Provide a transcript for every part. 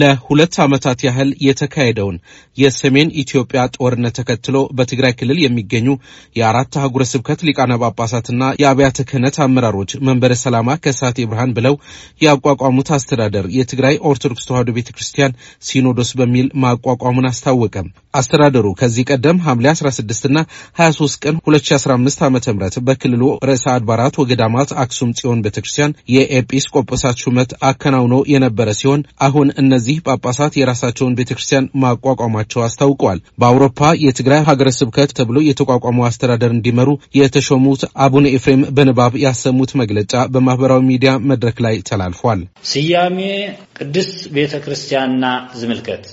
ለሁለት ዓመታት ያህል የተካሄደውን የሰሜን ኢትዮጵያ ጦርነት ተከትሎ በትግራይ ክልል የሚገኙ የአራት አህጉረ ስብከት ሊቃነ ጳጳሳትና የአብያተ ክህነት አመራሮች መንበረ ሰላማ ከሳቴ ብርሃን ብለው ያቋቋሙት አስተዳደር የትግራይ ኦርቶዶክስ ተዋሕዶ ቤተ ክርስቲያን ሲኖዶስ በሚል ማቋቋሙን አስታወቀም። አስተዳደሩ ከዚህ ቀደም ሐምሌ 16ና 23 ቀን 2015 ዓ ም በክልሉ ርዕሰ አድባራት ወገዳማት አክሱም ጽዮን ቤተ ክርስቲያን የኤጲስ ቆጶሳት ሹመት አከናውኖ የነበረ ሲሆን አሁን እነ እነዚህ ጳጳሳት የራሳቸውን ቤተ ክርስቲያን ማቋቋማቸው አስታውቀዋል። በአውሮፓ የትግራይ ሀገረ ስብከት ተብሎ የተቋቋመው አስተዳደር እንዲመሩ የተሾሙት አቡነ ኤፍሬም በንባብ ያሰሙት መግለጫ በማህበራዊ ሚዲያ መድረክ ላይ ተላልፏል። ስያሜ ቅድስት ቤተ ክርስቲያንና ዝምልከት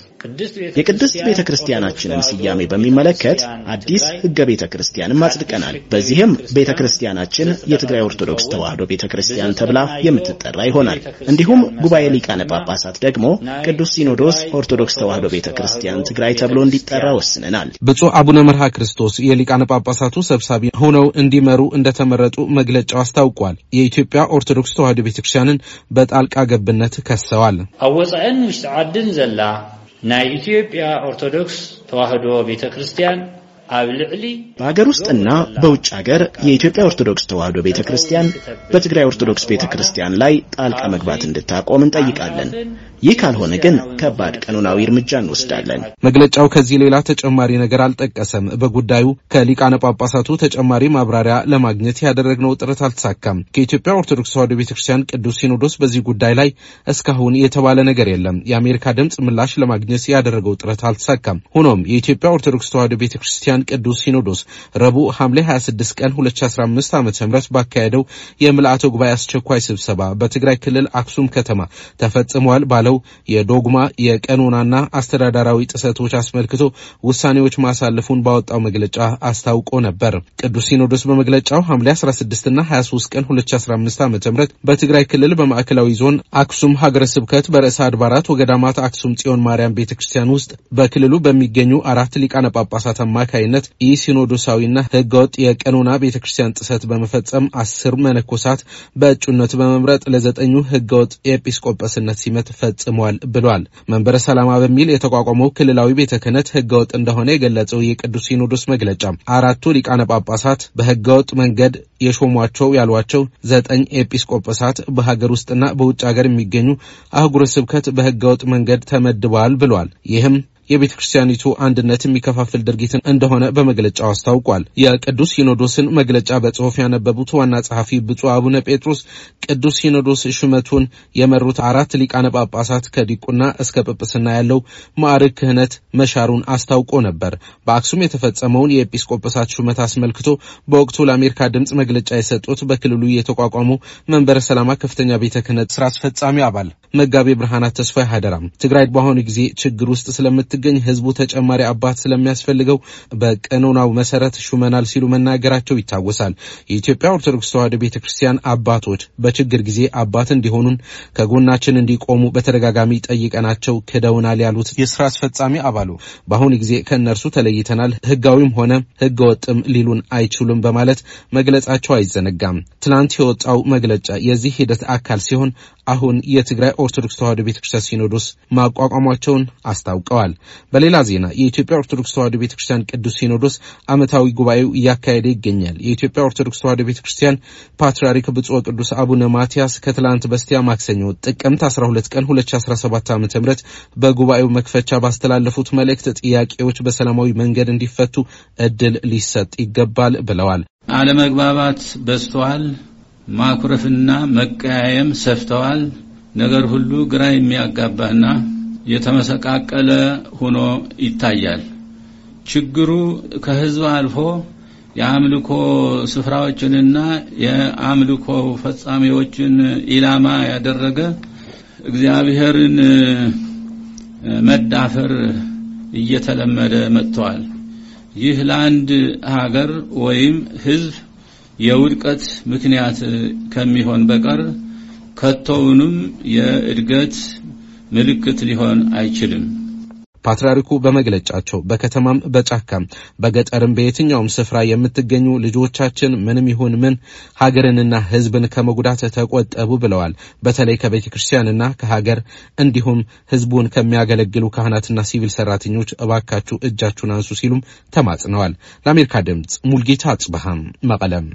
የቅድስት ቤተ ክርስቲያናችንን ስያሜ በሚመለከት አዲስ ሕገ ቤተ ክርስቲያንም አጽድቀናል። በዚህም ቤተ ክርስቲያናችን የትግራይ ኦርቶዶክስ ተዋሕዶ ቤተ ክርስቲያን ተብላ የምትጠራ ይሆናል። እንዲሁም ጉባኤ ሊቃነ ጳጳሳት ደግሞ ቅዱስ ሲኖዶስ ኦርቶዶክስ ተዋሕዶ ቤተ ክርስቲያን ትግራይ ተብሎ እንዲጠራ ወስነናል። ብፁዕ አቡነ መርሃ ክርስቶስ የሊቃነ ጳጳሳቱ ሰብሳቢ ሆነው እንዲመሩ እንደተመረጡ መግለጫው አስታውቋል። የኢትዮጵያ ኦርቶዶክስ ተዋሕዶ ቤተክርስቲያንን በጣልቃ ገብነት ከሰዋል። ኣብ ውሽጢ ዓድን ዘላ ናይ ኢትዮጵያ ኦርቶዶክስ ተዋህዶ ቤተ ክርስቲያን በሀገር ውስጥና በውጭ ሀገር የኢትዮጵያ ኦርቶዶክስ ተዋሕዶ ቤተ ክርስቲያን በትግራይ ኦርቶዶክስ ቤተ ክርስቲያን ላይ ጣልቃ መግባት እንድታቆም እንጠይቃለን። ይህ ካልሆነ ግን ከባድ ቀኖናዊ እርምጃ እንወስዳለን። መግለጫው ከዚህ ሌላ ተጨማሪ ነገር አልጠቀሰም። በጉዳዩ ከሊቃነ ጳጳሳቱ ተጨማሪ ማብራሪያ ለማግኘት ያደረግነው ጥረት አልተሳካም። ከኢትዮጵያ ኦርቶዶክስ ተዋህዶ ቤተ ክርስቲያን ቅዱስ ሲኖዶስ በዚህ ጉዳይ ላይ እስካሁን የተባለ ነገር የለም። የአሜሪካ ድምፅ ምላሽ ለማግኘት ያደረገው ጥረት አልተሳካም። ሆኖም የኢትዮጵያ ኦርቶዶክስ ተዋህዶ ቤተ ክርስቲያን ቅዱሳን ቅዱስ ሲኖዶስ ረቡዕ ሐምሌ 26 ቀን 2015 ዓ ም ባካሄደው የምልአተ ጉባኤ አስቸኳይ ስብሰባ በትግራይ ክልል አክሱም ከተማ ተፈጽሟል ባለው የዶግማ የቀኖናና አስተዳደራዊ ጥሰቶች አስመልክቶ ውሳኔዎች ማሳለፉን ባወጣው መግለጫ አስታውቆ ነበር። ቅዱስ ሲኖዶስ በመግለጫው ሐምሌ 16 እና 23 ቀን 2015 ዓ ም በትግራይ ክልል በማዕከላዊ ዞን አክሱም ሀገረ ስብከት በርዕሰ አድባራት ወገዳማት አክሱም ጽዮን ማርያም ቤተ ክርስቲያን ውስጥ በክልሉ በሚገኙ አራት ሊቃነ ጳጳሳት አማካይ አማካይነት ኢሲኖዶሳዊና ህገወጥ የቀኖና ቤተ ክርስቲያን ጥሰት በመፈጸም አስር መነኮሳት በእጩነት በመምረጥ ለዘጠኙ ህገወጥ ኤጲስቆጶስነት ሲመት ፈጽመዋል ብሏል። መንበረ ሰላማ በሚል የተቋቋመው ክልላዊ ቤተ ክህነት ህገወጥ እንደሆነ የገለጸው የቅዱስ ሲኖዶስ መግለጫ አራቱ ሊቃነ ጳጳሳት በህገወጥ መንገድ የሾሟቸው ያሏቸው ዘጠኝ ኤጲስቆጶሳት በሀገር ውስጥና በውጭ ሀገር የሚገኙ አህጉረ ስብከት በህገወጥ መንገድ ተመድበዋል ብሏል። ይህም የቤተ ክርስቲያኒቱ አንድነት የሚከፋፍል ድርጊት እንደሆነ በመግለጫው አስታውቋል። የቅዱስ ሲኖዶስን መግለጫ በጽሑፍ ያነበቡት ዋና ጸሐፊ ብፁዕ አቡነ ጴጥሮስ ቅዱስ ሲኖዶስ ሹመቱን የመሩት አራት ሊቃነ ጳጳሳት ከዲቁና እስከ ጵጵስና ያለው ማዕረግ ክህነት መሻሩን አስታውቆ ነበር። በአክሱም የተፈጸመውን የኤጲስቆጶሳት ሹመት አስመልክቶ በወቅቱ ለአሜሪካ ድምፅ መግለጫ የሰጡት በክልሉ የተቋቋመው መንበረ ሰላማ ከፍተኛ ቤተ ክህነት ስራ አስፈጻሚ አባል መጋቤ ብርሃናት ተስፋ ሀደራም ትግራይ በአሁኑ ጊዜ ችግር ውስጥ ስለምትገኝ ህዝቡ ተጨማሪ አባት ስለሚያስፈልገው በቀኖናው መሰረት ሹመናል ሲሉ መናገራቸው ይታወሳል። የኢትዮጵያ ኦርቶዶክስ ተዋህዶ ቤተ ክርስቲያን አባቶች በችግር ጊዜ አባት እንዲሆኑን ከጎናችን እንዲቆሙ በተደጋጋሚ ጠይቀናቸው ክደውናል ያሉት የስራ አስፈጻሚ አባሉ በአሁኑ ጊዜ ከእነርሱ ተለይተናል፣ ህጋዊም ሆነ ህገወጥም ሊሉን አይችሉም በማለት መግለጻቸው አይዘነጋም። ትናንት የወጣው መግለጫ የዚህ ሂደት አካል ሲሆን አሁን የትግራይ ኦርቶዶክስ ተዋሕዶ ቤተክርስቲያን ሲኖዶስ ማቋቋሟቸውን አስታውቀዋል። በሌላ ዜና የኢትዮጵያ ኦርቶዶክስ ተዋሕዶ ቤተክርስቲያን ቅዱስ ሲኖዶስ ዓመታዊ ጉባኤው እያካሄደ ይገኛል። የኢትዮጵያ ኦርቶዶክስ ተዋሕዶ ቤተክርስቲያን ፓትርያርክ ብፁዕ ወቅዱስ አቡነ ማትያስ ከትላንት በስቲያ ማክሰኞ ጥቅምት 12 ቀን 2017 ዓ ም በጉባኤው መክፈቻ ባስተላለፉት መልእክት ጥያቄዎች በሰላማዊ መንገድ እንዲፈቱ እድል ሊሰጥ ይገባል ብለዋል። አለመግባባት በዝተዋል። ማኩረፍና መቀያየም ሰፍተዋል። ነገር ሁሉ ግራ የሚያጋባህና የተመሰቃቀለ ሆኖ ይታያል። ችግሩ ከህዝብ አልፎ የአምልኮ ስፍራዎችንና የአምልኮ ፈጻሚዎችን ኢላማ ያደረገ እግዚአብሔርን መዳፈር እየተለመደ መጥተዋል። ይህ ለአንድ ሀገር ወይም ህዝብ የውድቀት ምክንያት ከሚሆን በቀር ከቶውንም የእድገት ምልክት ሊሆን አይችልም። ፓትርያርኩ በመግለጫቸው በከተማም በጫካም በገጠርም በየትኛውም ስፍራ የምትገኙ ልጆቻችን ምንም ይሁን ምን ሀገርንና ሕዝብን ከመጉዳት ተቆጠቡ ብለዋል። በተለይ ከቤተ ክርስቲያንና ከሀገር እንዲሁም ሕዝቡን ከሚያገለግሉ ካህናትና ሲቪል ሰራተኞች እባካችሁ እጃችሁን አንሱ ሲሉም ተማጽነዋል። ለአሜሪካ ድምፅ ሙልጌታ አጽበሃም መቀለም